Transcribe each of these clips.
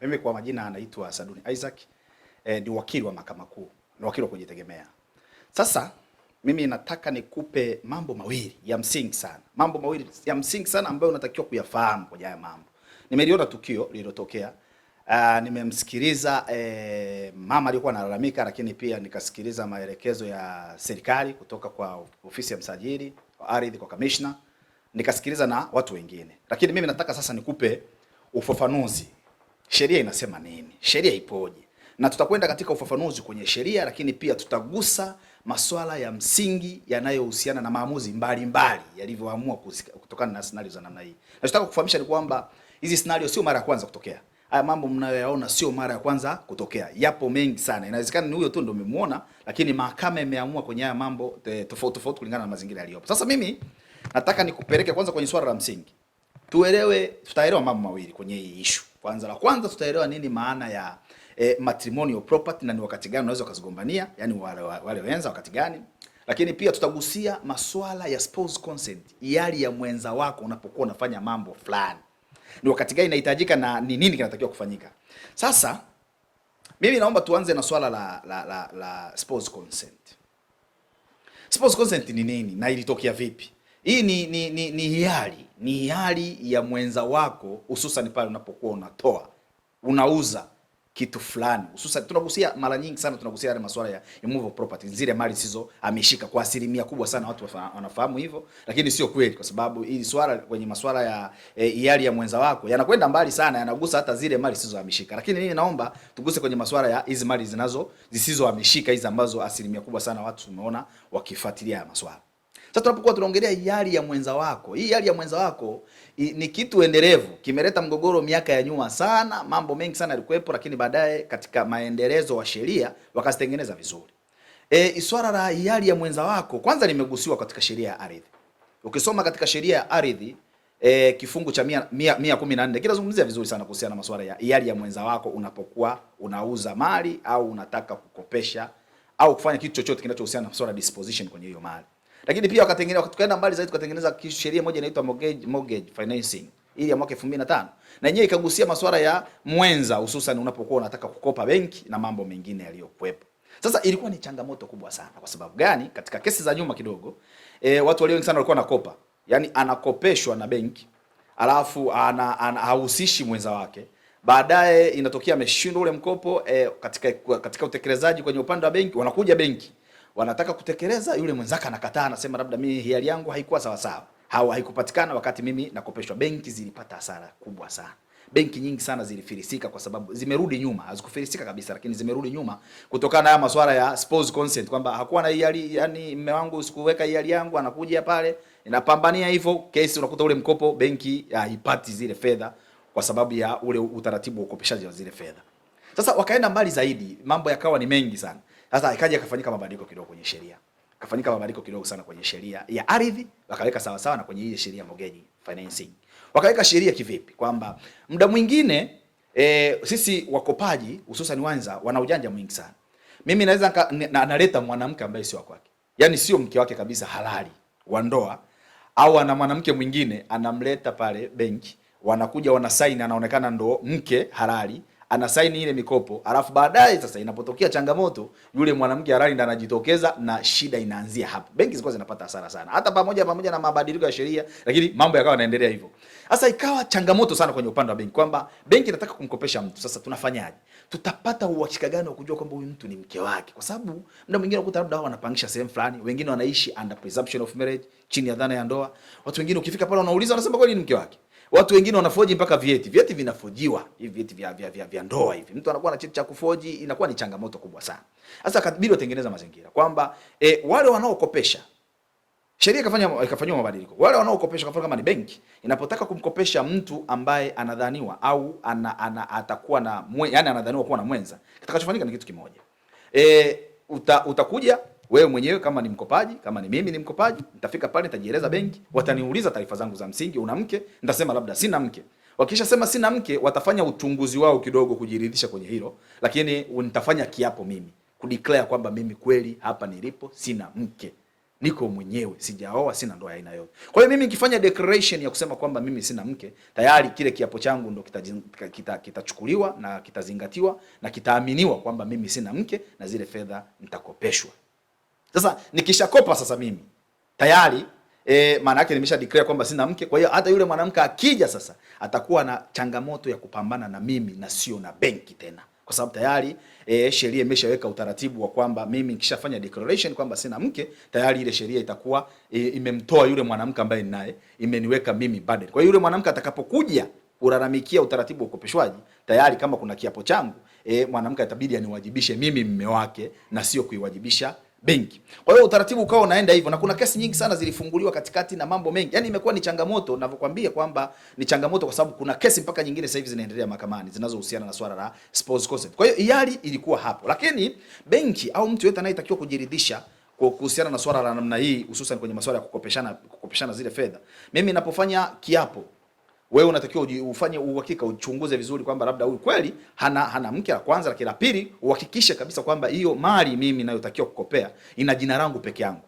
Mimi kwa majina anaitwa Saduni Isaac eh, ni wakili wa mahakama kuu, ni wakili wa kujitegemea. Sasa mimi nataka nikupe mambo mawili ya msingi sana, mambo mawili ya msingi sana ambayo unatakiwa kuyafahamu kwenye haya mambo. Nimeliona tukio lililotokea, uh, nimemsikiliza eh, mama aliyokuwa analalamika, lakini pia nikasikiliza maelekezo ya serikali kutoka kwa ofisi ya msajili wa ardhi, kwa kamishna, nikasikiliza na watu wengine, lakini mimi nataka sasa nikupe ufafanuzi sheria inasema nini, sheria ipoje, na tutakwenda katika ufafanuzi kwenye sheria, lakini pia tutagusa masuala ya msingi yanayohusiana na maamuzi mbalimbali yalivyoamua kutokana na scenario za namna hii. Nachotaka kufahamisha ni kwamba hizi scenario sio mara ya kwanza kutokea. Haya mambo mnayoyaona sio mara ya kwanza kutokea, yapo mengi sana. Inawezekana ni huyo tu ndo umemuona, lakini mahakama imeamua kwenye haya mambo eh, tofauti tofauti kulingana na mazingira yaliyopo. Sasa mimi nataka nikupeleke kwanza kwenye swala la msingi, tuelewe, tutaelewa mambo mawili kwenye hii issue. Kwanza la kwanza tutaelewa nini maana ya e, matrimonial property na ni wakati gani unaweza ukazigombania, yani wale wale wenza wakati gani. Lakini pia tutagusia masuala ya spouse consent, yali ya mwenza wako unapokuwa unafanya mambo fulani, ni wakati gani inahitajika na ni nini kinatakiwa kufanyika. Sasa mimi naomba tuanze na swala la la, la, la spouse consent. Spouse consent ni nini na ilitokea vipi? Hii ni ni, ni, ni hiari ni hali ya mwenza wako, hususan pale unapokuwa unatoa unauza kitu fulani, hususan tunagusia mara nyingi sana tunagusia yale masuala ya immovable property, zile mali sizo ameshika. Kwa asilimia kubwa sana watu wanafahamu hivyo, lakini sio kweli, kwa sababu hili swala kwenye masuala ya hiari e, ya mwenza wako yanakwenda mbali sana, yanagusa hata zile mali sizo ameshika. Lakini mimi naomba tuguse kwenye masuala ya hizi mali zinazo zisizo ameshika, hizi ambazo asilimia kubwa sana watu tumeona wakifuatilia haya masuala. Sasa tunapokuwa tunaongelea hali ya mwenza wako, hii hali ya mwenza wako i, ni kitu endelevu, kimeleta mgogoro miaka ya nyuma sana, mambo mengi sana yalikuwepo, lakini baadaye katika maendelezo wa sheria wakazitengeneza vizuri. E, swala la hali ya mwenza wako kwanza limegusiwa katika sheria ya ardhi. Ukisoma katika sheria ya ardhi e, kifungu cha 114 kinazungumzia vizuri sana kuhusiana na masuala ya hali ya mwenza wako unapokuwa unauza mali au unataka kukopesha au kufanya kitu chochote kinachohusiana na masuala disposition kwenye hiyo mali. Lakini pia wakatengeneza, tukaenda mbali zaidi, tukatengeneza sheria moja inaitwa mortgage, mortgage financing ili ya mwaka 2005 na yenyewe ikagusia masuala ya mwenza, hususan unapokuwa unataka kukopa benki na mambo mengine yaliyokuwepo. Sasa ilikuwa ni changamoto kubwa sana. Kwa sababu gani? Katika kesi za nyuma kidogo, e, watu walio wengi sana walikuwa nakopa yaani anakopeshwa na benki alafu ana, ana, mwenza wake baadaye inatokea ameshindwa ule mkopo e, katika katika utekelezaji kwenye upande wa benki, wanakuja benki wanataka kutekeleza, yule mwenzake anakataa, anasema labda mimi hiari yangu haikuwa sawa sawa, hao haikupatikana wakati mimi nakopeshwa. Benki zilipata hasara kubwa sana, benki nyingi sana zilifilisika, kwa sababu zimerudi nyuma, hazikufilisika kabisa, lakini zimerudi nyuma kutokana na haya masuala ya spouse consent, kwamba hakuwa na hiari, yani mume wangu sikuweka hiari yangu, anakuja pale inapambania hivyo kesi, unakuta ule mkopo benki haipati zile fedha kwa sababu ya ule utaratibu wa ukopeshaji wa zile fedha. Sasa wakaenda mbali zaidi, mambo yakawa ni mengi sana. Sasa ikaja kafanyika mabadiliko kidogo kwenye sheria, kafanyika mabadiliko kidogo sana kwenye sheria ya ardhi, wakaweka sawa sawa na kwenye ile sheria mortgage financing. Wakaweka sheria kivipi? Kwamba muda mwingine e, sisi wakopaji hususan wanza wana ujanja mwingi sana. Mimi naweza naleta mwanamke ambaye sio wake, yaani sio mke wake kabisa halali wa ndoa, au ana mwanamke mwingine anamleta pale benki, wanakuja wanasaini, anaonekana ndo mke halali anasaini ile mikopo, alafu baadaye sasa inapotokea changamoto, yule mwanamke halali ndo anajitokeza na shida inaanzia hapo. Benki zilikuwa zinapata hasara sana, hata pamoja pamoja na mabadiliko ya sheria, lakini mambo yakawa yanaendelea hivyo. Sasa ikawa changamoto sana kwenye upande wa benki kwamba benki inataka kumkopesha mtu, sasa tunafanyaje? Tutapata uhakika gani wa kujua kwamba huyu mtu ni mke wake? Kwa sababu muda mwingine ukuta labda wao wanapangisha sehemu fulani, wengine wanaishi under presumption of marriage, chini ya dhana ya ndoa. Watu wengine ukifika pale wanauliza, wanasema kweli ni mke wake Watu wengine wanafoji mpaka vyeti, vyeti vinafojiwa hivi vyeti vya, vya, vya, vya ndoa hivi, mtu anakuwa na cheti cha kufoji, inakuwa ni changamoto kubwa sana. Sasa kabidi watengeneza mazingira kwamba e, wale wanaokopesha sheria ikafanya ikafanywa mabadiliko. Wale wanaokopesha kwa mfano kama ni benki inapotaka kumkopesha mtu ambaye anadhaniwa au ana, ana atakuwa na mwe, yani anadhaniwa kuwa na mwenza, kitakachofanyika ni kitu kimoja. E, uta, utakuja wewe mwenyewe kama ni mkopaji, kama ni mimi ni mkopaji, nitafika pale nitajieleza benki, wataniuliza taarifa zangu za msingi, una mke? Nitasema labda sina mke. Wakisha sema sina mke, watafanya uchunguzi wao kidogo kujiridhisha kwenye hilo, lakini nitafanya kiapo mimi kudeclare kwamba mimi kweli hapa nilipo sina mke, niko mwenyewe, sijaoa, sina ndoa aina yoyote. Kwa hiyo mimi nikifanya declaration ya kusema kwamba mimi sina mke, tayari kile kiapo changu ndo kitachukuliwa kita, kita na kitazingatiwa na kitaaminiwa kwamba mimi sina mke na zile fedha nitakopeshwa. Sasa nikishakopa sasa mimi tayari e, maana yake nimesha declare kwamba sina mke. Kwa hiyo hata yule mwanamke akija sasa atakuwa na changamoto ya kupambana na mimi na sio na benki tena, kwa sababu tayari e, sheria imeshaweka utaratibu wa kwamba mimi nikishafanya declaration kwamba sina mke tayari ile sheria itakuwa e, imemtoa yule mwanamke ambaye ninaye, imeniweka mimi burden. Kwa hiyo yule mwanamke atakapokuja kulalamikia utaratibu wa ukopeshwaji tayari, kama kuna kiapo changu e, mwanamke atabidi aniwajibishe mimi mme wake na sio kuiwajibisha benki. Kwa hiyo utaratibu ukawa unaenda hivyo, na kuna kesi nyingi sana zilifunguliwa katikati na mambo mengi, yaani imekuwa ni changamoto. Ninavyokuambia kwamba ni changamoto, kwa sababu kuna kesi mpaka nyingine sasa hivi zinaendelea mahakamani zinazohusiana na swala la spouse concept. Kwa hiyo hiari ilikuwa hapo, lakini benki au mtu yote anayetakiwa kujiridhisha kuhusiana na swala la namna hii, hususan kwenye masuala ya kukopeshana kukopeshana zile fedha, mimi ninapofanya kiapo wewe unatakiwa ufanye uhakika, uchunguze vizuri kwamba labda huyu kweli hana hana mke, la kwanza. Lakini la pili, uhakikishe kabisa kwamba hiyo mali mimi nayotakiwa kukopea ina jina langu peke yangu,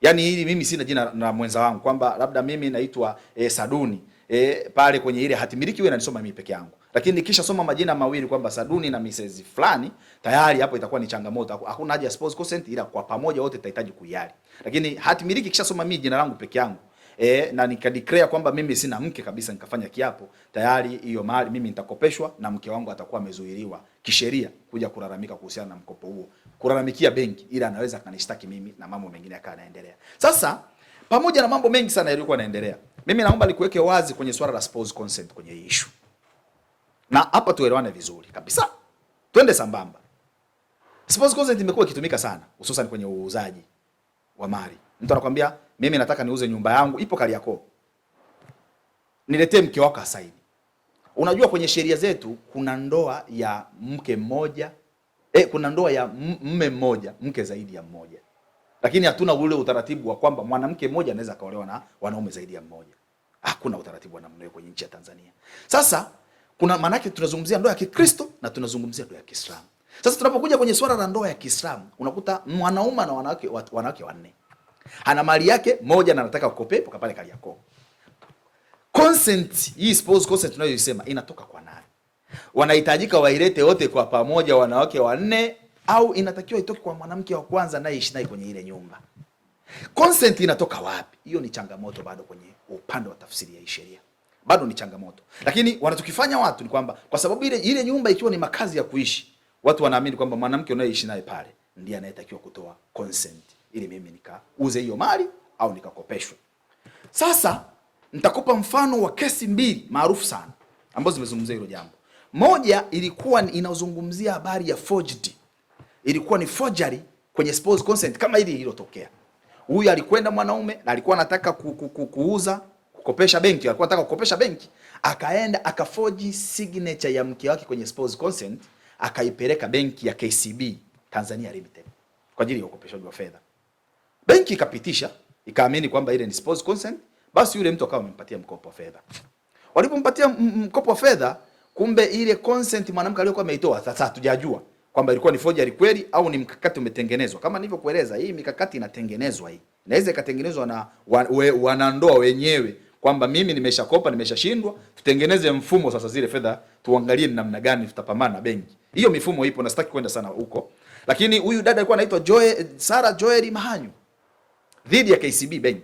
yaani hili mimi sina jina la mwenza wangu, kwamba labda mimi naitwa e, Saduni e, pale kwenye ile hatimiliki wewe unanisoma mimi peke yangu. Lakini soma majina mawili kwamba Saduni na Mrs fulani, tayari hapo itakuwa ni changamoto. Hakuna haja ya spouse consent, ila kwa pamoja wote tutahitaji kuiali. Lakini hatimiliki kisha soma mimi jina langu peke yangu e, na nikadeclare kwamba mimi sina mke kabisa, nikafanya kiapo tayari, hiyo mali mimi nitakopeshwa na mke wangu atakuwa amezuiliwa kisheria kuja kulalamika kuhusiana na mkopo huo, kulalamikia benki, ila anaweza kanishtaki mimi na mambo mengine yakawa yanaendelea. Sasa pamoja na mambo mengi sana yaliyokuwa yanaendelea, mimi naomba nikuweke wazi kwenye swala la spouse consent kwenye hii issue, na hapa tuelewane vizuri kabisa, twende sambamba. Spouse consent imekuwa ikitumika sana hususan kwenye uuzaji wa mali. Mtu anakuambia mimi nataka niuze nyumba yangu, ipo Kariakoo, niletee mke wako asaini. Unajua, kwenye sheria zetu kuna ndoa ya mke mmoja e, kuna ndoa ya mme mmoja, mke zaidi ya mmoja, lakini hatuna ule utaratibu wa kwamba mwanamke mmoja anaweza kaolewa na wanaume zaidi ya mmoja. Hakuna utaratibu wa namna hiyo kwenye nchi ya Tanzania. Sasa kuna maanake, tunazungumzia ndoa ya Kikristo na tunazungumzia ndoa ya Kiislamu. Sasa tunapokuja kwenye swala la ndoa ya Kiislamu unakuta mwanaume na wanawake wanawake wanne ana mali yake moja na anataka kukopa ipo pale Kariakoo. Consent hii spouse consent tunayoisema inatoka kwa nani? Wanahitajika wailete wote kwa pamoja, wanawake wanne, au inatakiwa itoke kwa mwanamke wa kwanza naye ishi naye kwenye ile nyumba? Consent inatoka wapi? Hiyo ni changamoto bado kwenye upande wa tafsiri ya sheria, bado ni changamoto. Lakini wanachokifanya watu ni kwamba kwa sababu ile ile nyumba ikiwa ni makazi ya kuishi, watu wanaamini kwamba mwanamke unayeishi naye pale ndiye anayetakiwa kutoa consent ili mimi nikauze hiyo mali au nikakopeshwe. Sasa nitakupa mfano wa kesi mbili maarufu sana ambazo zimezungumzia hilo jambo. Moja ilikuwa inazungumzia habari ya forged, ilikuwa ni forgery kwenye spouse consent kama hili lililotokea. Huyu alikwenda mwanaume na alikuwa anataka ku, ku, ku, kuuza kukopesha benki, alikuwa anataka kukopesha benki, akaenda akaforge signature ya mke wake kwenye spouse consent, akaipeleka benki ya KCB Tanzania Limited kwa ajili ya ukopeshaji wa fedha. Benki ikapitisha ikaamini kwamba ile ni spouse consent, basi yule mtu akawa amempatia mkopo wa fedha. Walipompatia mkopo wa fedha, kumbe ile consent mwanamke aliyokuwa ameitoa, sasa hatujajua kwamba ilikuwa ni forgery kweli au ni mkakati umetengenezwa. Kama nilivyokueleza, hii mikakati inatengenezwa, hii inaweza ikatengenezwa na wanandoa wa, wa wenyewe kwamba mimi nimeshakopa, nimeshashindwa, tutengeneze mfumo sasa, zile fedha tuangalie ni namna gani tutapambana na benki. Hiyo mifumo ipo, na sitaki kwenda sana huko, lakini huyu dada alikuwa anaitwa Joe, Sara Joeli Mahanyu dhidi ya KCB Bank.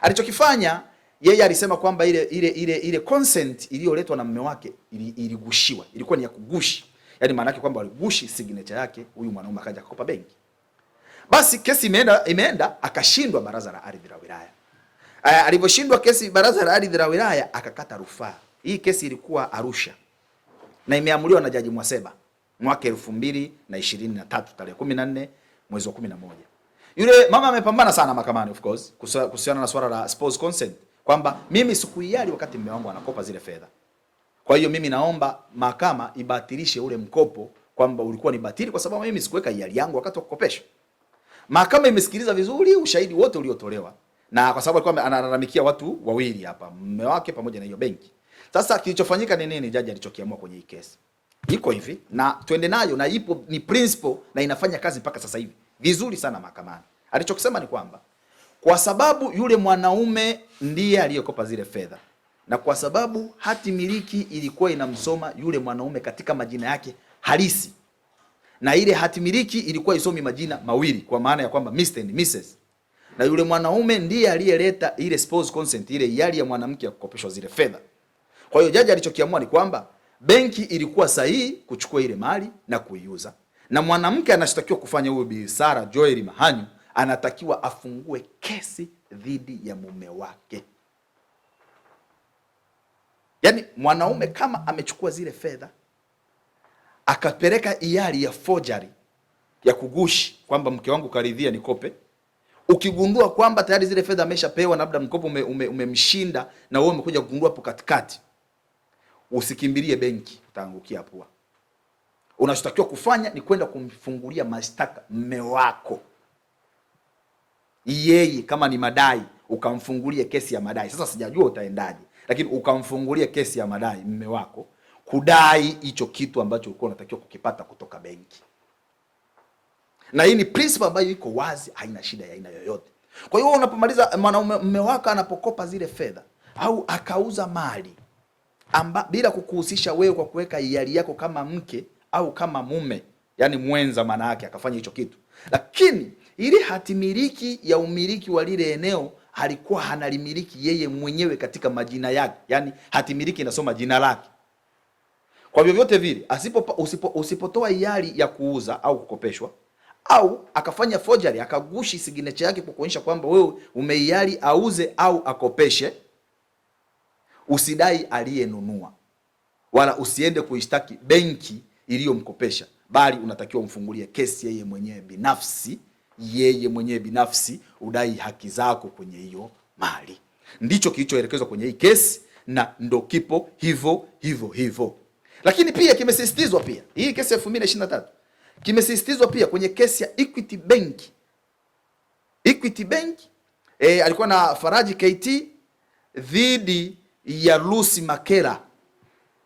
Alichokifanya yeye alisema kwamba ile ile ile ile consent iliyoletwa na mume wake iligushiwa, ili ilikuwa ni ya kugushi, yaani maana yake kwamba aligushi signature yake, huyu mwanaume akaja akakopa benki. Basi kesi imeenda imeenda, akashindwa baraza la ardhi la wilaya. Eh, alivyoshindwa kesi baraza la ardhi la wilaya, akakata rufaa. Hii kesi ilikuwa Arusha na imeamuliwa na Jaji Mwaseba mwaka 2023 tarehe 14 mwezi wa 11. Yule mama amepambana sana mahakamani of course kuhusiana na swala la spouse consent kwamba mimi sikuiali wakati mume wangu anakopa zile fedha. Kwa hiyo mimi naomba mahakama ibatilishe ule mkopo kwamba ulikuwa ni batili kwa sababu mimi sikuweka hiari yangu wakati wa kukopesha. Mahakama imesikiliza vizuri ushahidi wote uliotolewa na kwa sababu alikuwa analalamikia watu wawili hapa, mume wake pamoja na hiyo benki. Sasa kilichofanyika ni nini? Jaji alichokiamua kwenye hii kesi iko hivi, na twende nayo, na ipo ni principle na inafanya kazi mpaka sasa hivi vizuri sana mahakamani. Alichokisema ni kwamba kwa sababu yule mwanaume ndiye aliyekopa zile fedha na kwa sababu hati miliki ilikuwa inamsoma yule mwanaume katika majina yake halisi, na ile hati miliki ilikuwa isomi majina mawili, kwa maana ya kwamba Mr and Mrs, na yule mwanaume ndiye aliyeleta ile spouse consent, ile hiari ya mwanamke ya kukopeshwa zile fedha. Kwa hiyo jaji alichokiamua ni kwamba benki ilikuwa sahihi kuchukua ile mali na kuiuza na mwanamke anashitakiwa kufanya huyo Bi Sara Joel Mahanyu anatakiwa afungue kesi dhidi ya mume wake. Yaani mwanaume kama amechukua zile fedha akapeleka iari ya forgery ya kugushi kwamba mke wangu karidhia nikope, ukigundua kwamba tayari zile fedha ameshapewa na labda mkopo umemshinda ume, ume na wewe umekuja kugundua hapo katikati, usikimbilie benki, utaangukia pua unachotakiwa kufanya ni kwenda kumfungulia mashtaka mme wako, yeye kama ni madai ukamfungulia kesi ya madai. Sasa sijajua utaendaje, lakini ukamfungulia kesi ya madai mme wako kudai hicho kitu ambacho ulikuwa unatakiwa kukipata kutoka benki. Na hii ni principle ambayo iko wazi, haina shida ya aina yoyote. Kwa hiyo unapomaliza, mwanaume mme wako anapokopa zile fedha au akauza mali amba, bila kukuhusisha wewe kwa kuweka hiari yako kama mke au kama mume, yani mwenza, maana yake akafanya hicho kitu, lakini ili hatimiliki ya umiliki wa lile eneo alikuwa analimiliki yeye mwenyewe katika majina yake, yani hatimiliki inasoma jina lake. Kwa vyovyote vile, asipo usipo, usipotoa hiari ya kuuza au kukopeshwa au akafanya forgery akagushi signature yake kwa kuonyesha kwamba wewe umeiali auze au akopeshe, usidai aliyenunua wala usiende kuishtaki benki iliyomkopesha, bali unatakiwa umfungulie kesi yeye mwenyewe binafsi, yeye mwenyewe binafsi udai haki zako kwenye hiyo mali. Ndicho kilichoelekezwa kwenye hii kesi na ndo kipo hivyo hivyo hivyo. Lakini pia kimesisitizwa pia hii kesi ya 2023 kimesisitizwa pia kwenye kesi ya Equity Bank. Equity Bank e, alikuwa na Faraji KT dhidi ya Lucy Makela.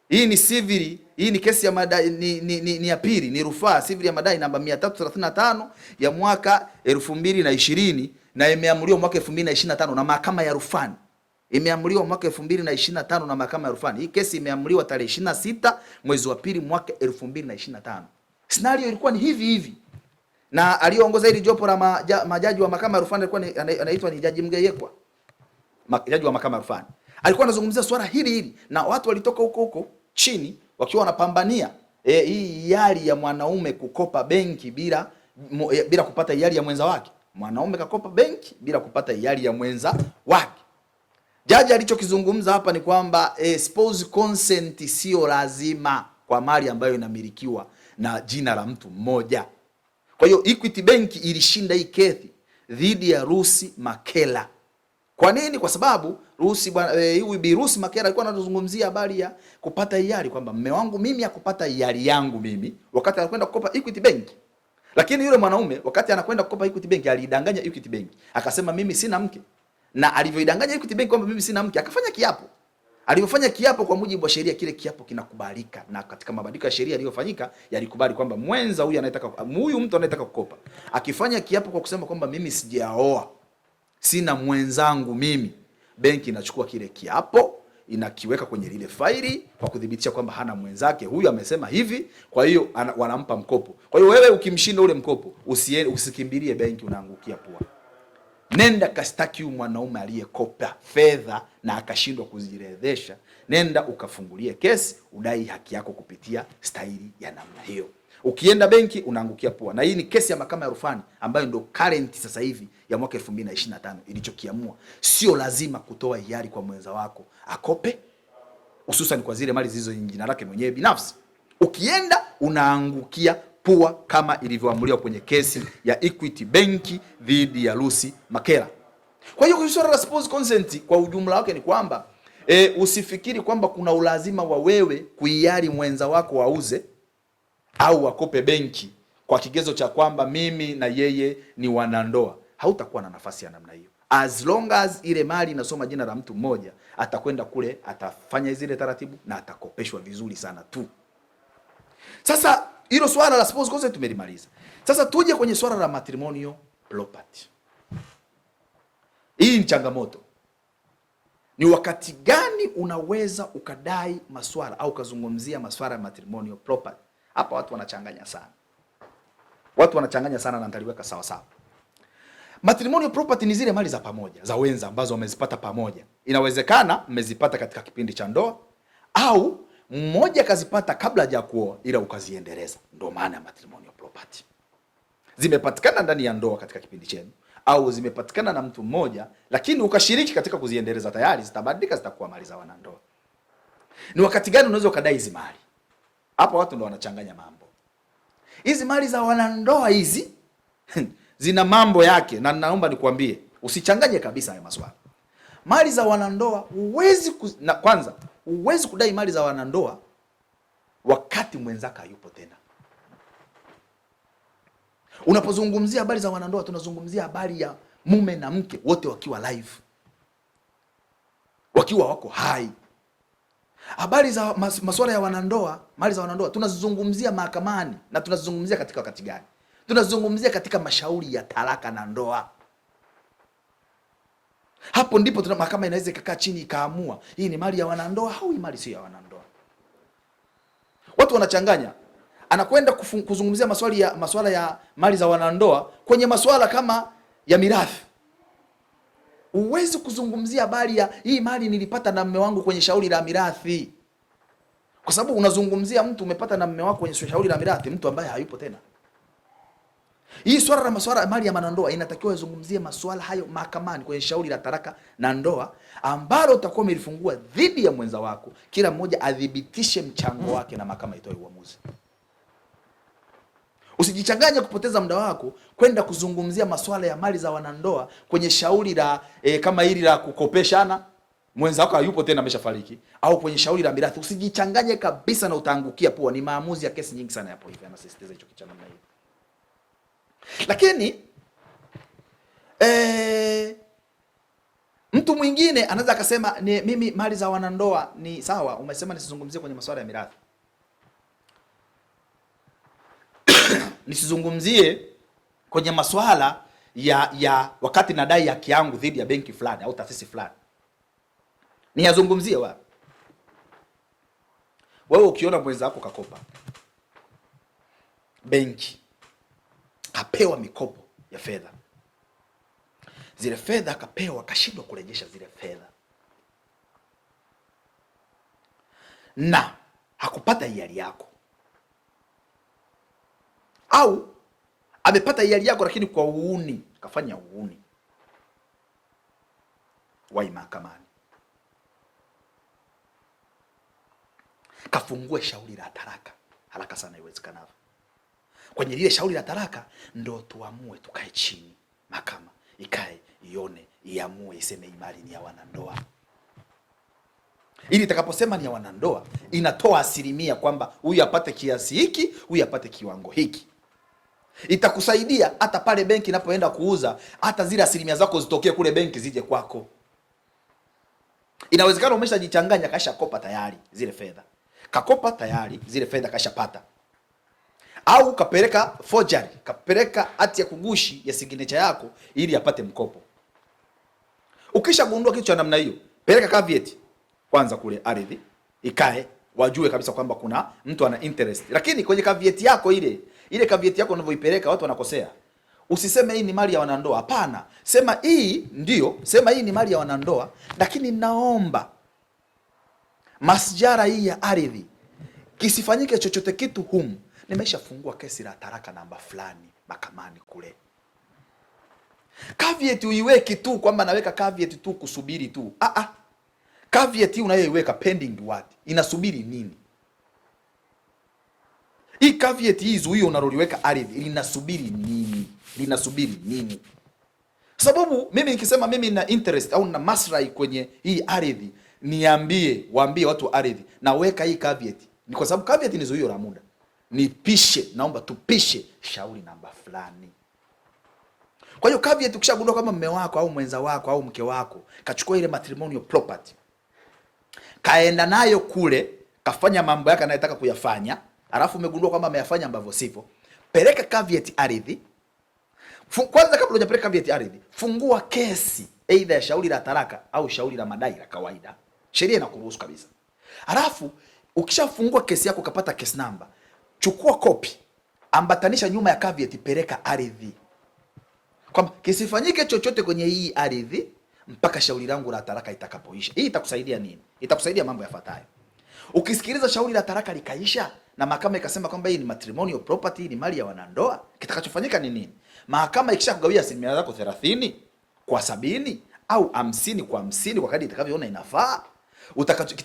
Hii ni civil hii ni kesi ya madai, ni, ni, ni, ni ya pili ni rufaa civil ya madai namba 335 ya mwaka 2020 na imeamuliwa mwaka 2025 na mahakama ya rufani. Imeamuliwa mwaka 2025 na mahakama ya rufani. Hii kesi imeamuliwa tarehe 26 mwezi wa pili mwaka 2025. Scenario ilikuwa ni hivi hivi. Na aliyeongoza ile jopo la maja, majaji wa mahakama ya rufani alikuwa anaitwa ni Jaji Mgeyekwa. Majaji wa mahakama ya rufani. Alikuwa anazungumzia swala hili hili na watu walitoka huko huko chini wakiwa wanapambania e, hii hiari ya mwanaume kukopa benki bila e, bila kupata hiari ya mwenza wake. Mwanaume kakopa benki bila kupata hiari ya mwenza wake. Jaji alichokizungumza hapa ni kwamba e, spouse consent sio lazima kwa mali ambayo inamilikiwa na jina la mtu mmoja. Kwa hiyo Equity Bank ilishinda hii kesi dhidi ya Rusi Makela. Kwa nini? Kwa sababu Rusi bwana e, huyu Bi Rusi Makera alikuwa anazungumzia habari ya kupata hiari kwamba mume wangu mimi akupata ya hiari yangu mimi wakati anakwenda kukopa Equity Bank. Lakini yule mwanaume wakati anakwenda kukopa Equity Bank alidanganya Equity Bank. Akasema mimi sina mke. Na alivyoidanganya Equity Bank kwamba mimi sina mke, akafanya kiapo. Alivyofanya kiapo kwa mujibu wa sheria, kile kiapo kinakubalika, na katika mabadiliko ya sheria yaliyofanyika yalikubali kwamba mwenza huyu anayetaka, huyu mtu anayetaka kukopa akifanya kiapo kwa kusema kwamba mimi sijaoa sina mwenzangu mimi, benki inachukua kile kiapo inakiweka kwenye lile faili kwa kudhibitisha kwamba hana mwenzake, huyu amesema hivi, kwa hiyo wanampa mkopo. Kwa hiyo wewe ukimshinda ule mkopo, usie, usikimbilie benki, unaangukia pua. Nenda kastaki huyu mwanaume aliyekopa fedha na akashindwa kuziredhesha, nenda ukafungulie kesi, udai haki yako kupitia staili ya namna hiyo. Ukienda benki unaangukia pua, na hii ni kesi ya mahakama ya rufani ambayo ndio current sasa hivi ya mwaka 2025 ilichokiamua, sio lazima kutoa hiari kwa mwenza wako akope, hususan kwa zile mali zilizo jina lake mwenyewe binafsi. Ukienda unaangukia pua kama ilivyoamuliwa kwenye kesi ya Equity Bank dhidi ya Lucy Makela. Kwa hiyo swala la spouse consent kwa ujumla wake ni kwamba e, usifikiri kwamba kuna ulazima wa wewe kuiari mwenza wako auze au wakope benki kwa kigezo cha kwamba mimi na yeye ni wanandoa, hautakuwa na nafasi ya namna hiyo. As long as ile mali inasoma jina la mtu mmoja, atakwenda kule, atafanya zile taratibu na atakopeshwa vizuri sana tu. Sasa hilo swala la spouse cause tumelimaliza. Sasa tuje kwenye swala la matrimonial property. Hii ni changamoto. Ni wakati gani unaweza ukadai maswala au ukazungumzia maswala ya matrimonial property? Hapa watu wanachanganya sana, watu wanachanganya sana, na nitaliweka sawa sawa. Matrimonial property ni zile mali za pamoja za wenza ambazo wamezipata pamoja. Inawezekana mmezipata katika kipindi cha ndoa au mmoja akazipata kabla ya kuoa, ila ukaziendeleza. Ndio maana matrimonial property zimepatikana ndani ya ndoa katika kipindi chenu, au zimepatikana na mtu mmoja, lakini ukashiriki katika kuziendeleza, tayari zitabadilika, zitakuwa mali za wanandoa. Ni wakati gani unaweza ukadai hizi mali? Hapo watu ndo wanachanganya mambo. Hizi mali za wanandoa hizi zina mambo yake, na naomba nikuambie usichanganye kabisa haya maswala. Mali za wanandoa huwezi kuz... na kwanza huwezi kudai mali za wanandoa wakati mwenzako hayupo tena. Unapozungumzia habari za wanandoa, tunazungumzia habari ya mume na mke wote wakiwa live, wakiwa wako hai. Habari za mas, masuala ya wanandoa, mali za wanandoa tunazizungumzia mahakamani na tunazizungumzia katika wakati gani? Tunazungumzia katika mashauri ya talaka na ndoa. Hapo ndipo tuna mahakama inaweza ikakaa chini ikaamua hii ni mali ya wanandoa au hii mali sio ya wanandoa. Watu wanachanganya, anakwenda kuzungumzia maswali ya masuala ya mali za wanandoa kwenye masuala kama ya mirathi Huwezi kuzungumzia habari ya hii mali nilipata na mme wangu kwenye shauri la mirathi, kwa sababu unazungumzia mtu umepata na mme wako kwenye shauri la mirathi, mtu ambaye hayupo tena. Hii swala la maswala mali ya manandoa inatakiwa izungumzie maswala hayo mahakamani kwenye shauri la taraka na ndoa ambalo utakuwa umelifungua dhidi ya mwenza wako. Kila mmoja adhibitishe mchango wake na mahakama itoe uamuzi. Usijichanganye kupoteza muda wako kwenda kuzungumzia masuala ya mali za wanandoa kwenye shauri la e, kama hili la kukopeshana mwenza wako hayupo tena, ameshafariki au kwenye shauri la mirathi. Usijichanganye kabisa na utaangukia pua. Ni maamuzi ya kesi nyingi sana yapo hivi, anasisitiza hicho kicha namna hiyo. Lakini e, mtu mwingine anaweza akasema ni mimi mali za wanandoa ni sawa, umesema nisizungumzie kwenye masuala ya mirathi nisizungumzie kwenye masuala ya ya wakati nadai haki yangu dhidi ya benki fulani au taasisi fulani, niyazungumzie wapi? Wewe ukiona mwenzako kakopa benki, kapewa mikopo ya fedha, zile fedha kapewa, kashindwa kurejesha zile fedha na hakupata hiari yako au amepata hiari yako, lakini kwa uuni kafanya uuni wai mahakamani, kafungue shauri la taraka haraka sana iwezekanavyo. Kwenye lile shauri la taraka ndo tuamue, tukae chini, mahakama ikae ione, iamue, iseme imali ni ya wanandoa ili itakaposema ni ya wanandoa inatoa asilimia kwamba huyu apate kiasi hiki, huyu apate kiwango hiki itakusaidia hata pale benki inapoenda kuuza, hata zile asilimia zako zitokee kule benki zije kwako. Inawezekana umeshajichanganya, kashakopa tayari zile fedha, kakopa tayari zile fedha, kashapata au kapeleka forgery, kapeleka hati ya kugushi ya signature yako ili apate mkopo. Ukishagundua kitu cha namna hiyo, peleka caveat kwanza kule ardhi ikae, wajue kabisa kwamba kuna mtu ana interest, lakini kwenye caveat yako ile ile kavieti yako unavyoipeleka watu wanakosea. Usiseme hii ni mali ya wanandoa, hapana. Sema hii ndio, sema hii ni mali ya wanandoa, lakini naomba masjara hii ya ardhi kisifanyike chochote kitu humu. Nimeshafungua kesi la taraka namba fulani makamani kule. Caveat uiweki tu kwamba naweka caveat tu kusubiri tu. Ah ah. Caveat unayoiweka pending what? Inasubiri nini? Hii caveat hii zuio unaloliweka ardhi linasubiri nini? Linasubiri nini? Sababu mimi nikisema mimi na interest au na maslahi kwenye hii ardhi, niambie, waambie watu wa ardhi, naweka hii caveat. Ni kwa sababu caveat ni zuio la muda. Nipishe, naomba tupishe shauri namba fulani. Kwa hiyo caveat, ukishagundua kama mme wako au mwenza wako au mke wako kachukua ile matrimonial property, kaenda nayo kule, kafanya mambo yake anayotaka kuyafanya alafu umegundua kwamba ameyafanya ambavyo sivyo, peleka caveat ardhi kwanza. Kabla hujapeleka caveat ardhi, fungua kesi aidha ya shauri la taraka au shauri la madai la kawaida, sheria inakuruhusu kabisa. Alafu ukishafungua kesi yako ukapata case number, chukua kopi, ambatanisha nyuma ya caveat, peleka ardhi kwamba kisifanyike chochote kwenye hii ardhi mpaka shauri langu la taraka itakapoisha. Hii itakusaidia nini? Itakusaidia mambo yafuatayo. Ukisikiliza shauri la taraka likaisha na mahakama ikasema kwamba hii ni matrimonial property, ni mali ya wanandoa, kitakachofanyika ni nini? Mahakama ikisha kugawia asilimia zako 30 kwa sabini au hamsini kwa hamsini kwa kadi itakavyoona inafaa,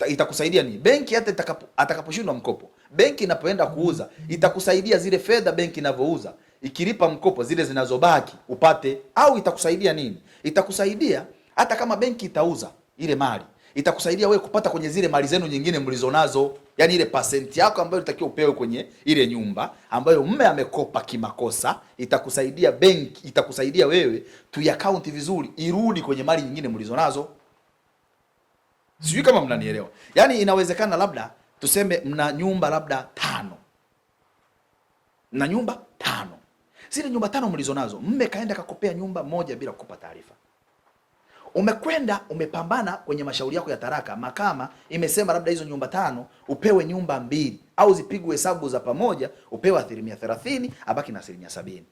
itakusaidia nini? Benki hata atakaposhindwa mkopo, benki inapoenda kuuza itakusaidia zile fedha benki inavyouza ikilipa mkopo, zile zinazobaki upate, au itakusaidia nini? Itakusaidia hata kama benki itauza ile mali itakusaidia wewe kupata kwenye zile mali zenu nyingine mlizonazo, yani ile pasenti yako ambayo unatakiwa upewe kwenye ile nyumba ambayo mme amekopa kimakosa, itakusaidia benki, itakusaidia wewe tuiakaunti vizuri, irudi kwenye mali nyingine mlizonazo. Sijui kama mnanielewa. Yani inawezekana labda tuseme mna nyumba labda tano, na nyumba tano, zile nyumba tano mlizonazo mme kaenda kakopea nyumba moja bila kukupa taarifa umekwenda umepambana kwenye mashauri yako ya taraka, mahakama imesema labda hizo nyumba tano upewe nyumba mbili au zipigwe hesabu za pamoja, upewe asilimia thelathini, abaki na asilimia sabini.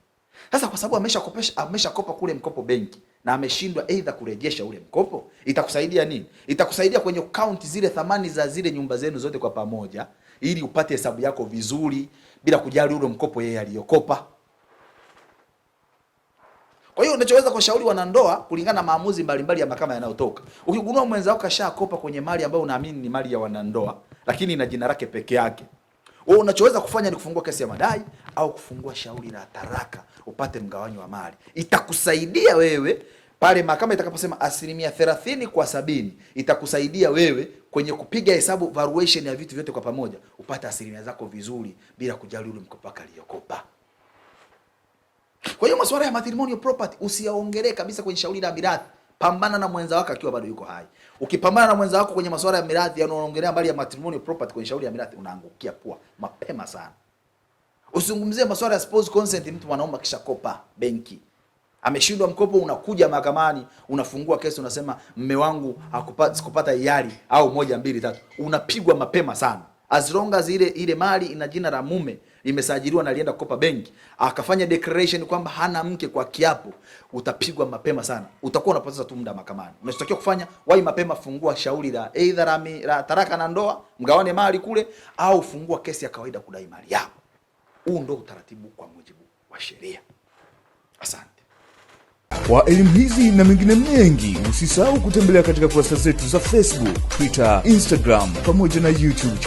Sasa kwa sababu ameshakopesha ameshakopa kule mkopo benki na ameshindwa aidha kurejesha ule mkopo, itakusaidia nini? Itakusaidia kwenye kaunti zile thamani za zile nyumba zenu zote kwa pamoja, ili upate hesabu yako vizuri, bila kujali ule mkopo yeye aliyokopa. Kwa hiyo unachoweza kuwashauri wanandoa kulingana na maamuzi mbalimbali ya mahakama yanayotoka, ukigundua mwenza wako kashakopa kwenye mali ambayo unaamini ni mali ya wanandoa, lakini ina jina lake peke yake, wewe unachoweza kufanya ni kufungua kesi ya madai au kufungua shauri la taraka, upate mgawanyo wa mali. Itakusaidia wewe pale mahakama itakaposema asilimia thelathini kwa sabini itakusaidia wewe kwenye kupiga hesabu valuation ya vitu vyote kwa pamoja, upate asilimia zako vizuri, bila kujali ule mkopaka aliyokopa. Kwa hiyo masuala ya matrimonial property usiyaongelee kabisa kwenye shauri la mirathi. Pambana na mwenza wako akiwa bado yuko hai. Ukipambana na mwenza wako kwenye masuala ya mirathi, yanaongelea yaani mbali ya matrimonial property kwenye shauri ya mirathi, unaangukia pua mapema sana. Usizungumzie masuala ya spouse consent, mtu mwanaume akishakopa benki ameshindwa mkopo, unakuja mahakamani, unafungua kesi, unasema mme wangu hakupata, sikupata hiari au moja mbili tatu, unapigwa mapema sana. As long as ile ile mali ina jina la mume imesajiliwa na alienda kukopa benki akafanya declaration kwamba hana mke kwa kiapo, utapigwa mapema sana, utakuwa unapoteza tu muda mahakamani. Unachotakiwa kufanya wai mapema, fungua shauri la aidha la, la taraka na ndoa, mgawane mali kule, au fungua kesi ya kawaida kudai mali yako. Huu ndo utaratibu kwa mujibu wa sheria. Asante. Kwa elimu hizi na mengine mengi, usisahau kutembelea katika kurasa zetu za Facebook, Twitter, Instagram pamoja na YouTube.